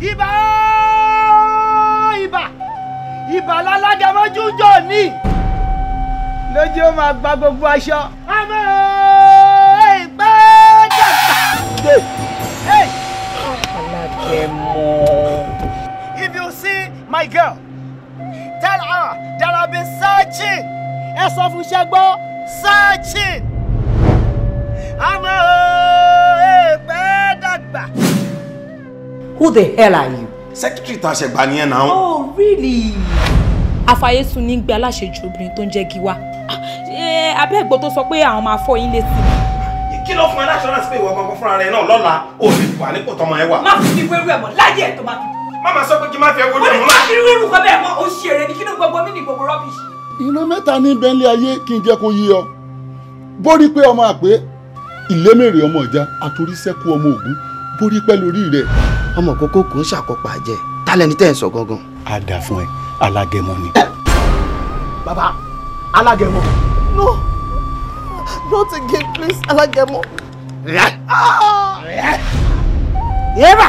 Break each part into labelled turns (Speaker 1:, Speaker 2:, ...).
Speaker 1: ibà ibà ibà lálágàmọ́jú jọ ní lójú ó máa gba gbogbo aṣọ. àmọ́ ẹgbẹ́ jàgbá. If you see my girl, tell her that I've been searching. Ẹ sọ fún ṣẹ́gbọ́, searching. I'm Who the hell are you? Secretary ta ṣe gbà nìyẹn náà. Oh really? Afayésu ní gbé aláṣejù obìnrin tó ń jẹ́ Giwa. Ah, ṣé abẹ́gbọ́ tó sọ pé àwọn máa fọ yín létí? Kí ló fún ẹ láṣọ láti pé ìwọ kankan fúnra rẹ náà lọ́la? O lè wà nípò tọmọ ẹ wà. Má fi wéru ẹ̀ mọ́ láyé ẹ̀ tó máa fi. Má máa sọ pé kí n má fi ẹwọ́ lẹ́mọ́. Ó ní kí irú olùkọ́ bẹ́ẹ̀ mọ́ oṣù èrè ni kí ló gbogbo mí ní gbogbo rọ́bìṣì. Iná mẹ́ta ní Bẹ́ńlẹ̀ ayé kí n jẹ́ kó yí ọ. Bórí pé ọmọ àpé ìlémèrè ọmọ ìjà àtoríṣẹ́kù ọmọ ògún bórí pẹ́ lórí rẹ̀ ọmọ kókó kò ń ṣàkópa jẹ tálẹ̀ ní tẹ̀ ń sọ gangan. a dà fún ẹ alágẹmọ ni. baba alágẹmọ. no not again please alágẹmọ. yẹ́rà. Ah! gba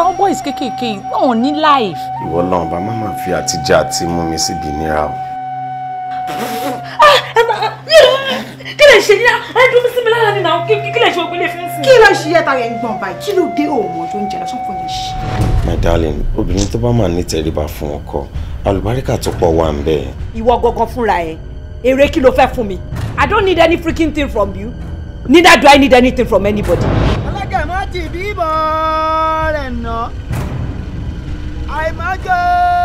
Speaker 1: àwọn boys kéékèèké wọn ò ní life. ìwọ náà bá má máa fi àtijọ́ àti mú mi síbi nira o. Ah, kí lè ṣe ní ẹdùn sí kí ló ṣe yẹta rẹ̀ ń gbọ̀n báyìí kí ló dé òòmọ̀ tó ń jẹ lọ́sàn fún yẹn ṣe. my darling obìnrin tó bá máa ní tẹríba fún ọkọ alùbáríkà tó pọ̀ wà ń bẹ̀. ìwọ gangan fúnra ẹ èrè kí ló fẹ́ fún mi i don't need any freaking thing from you neither do i need anything from anybody. ọlọ́jà mọ́ ti bíbọ̀ rẹ̀ ná àìmọ́jọ́.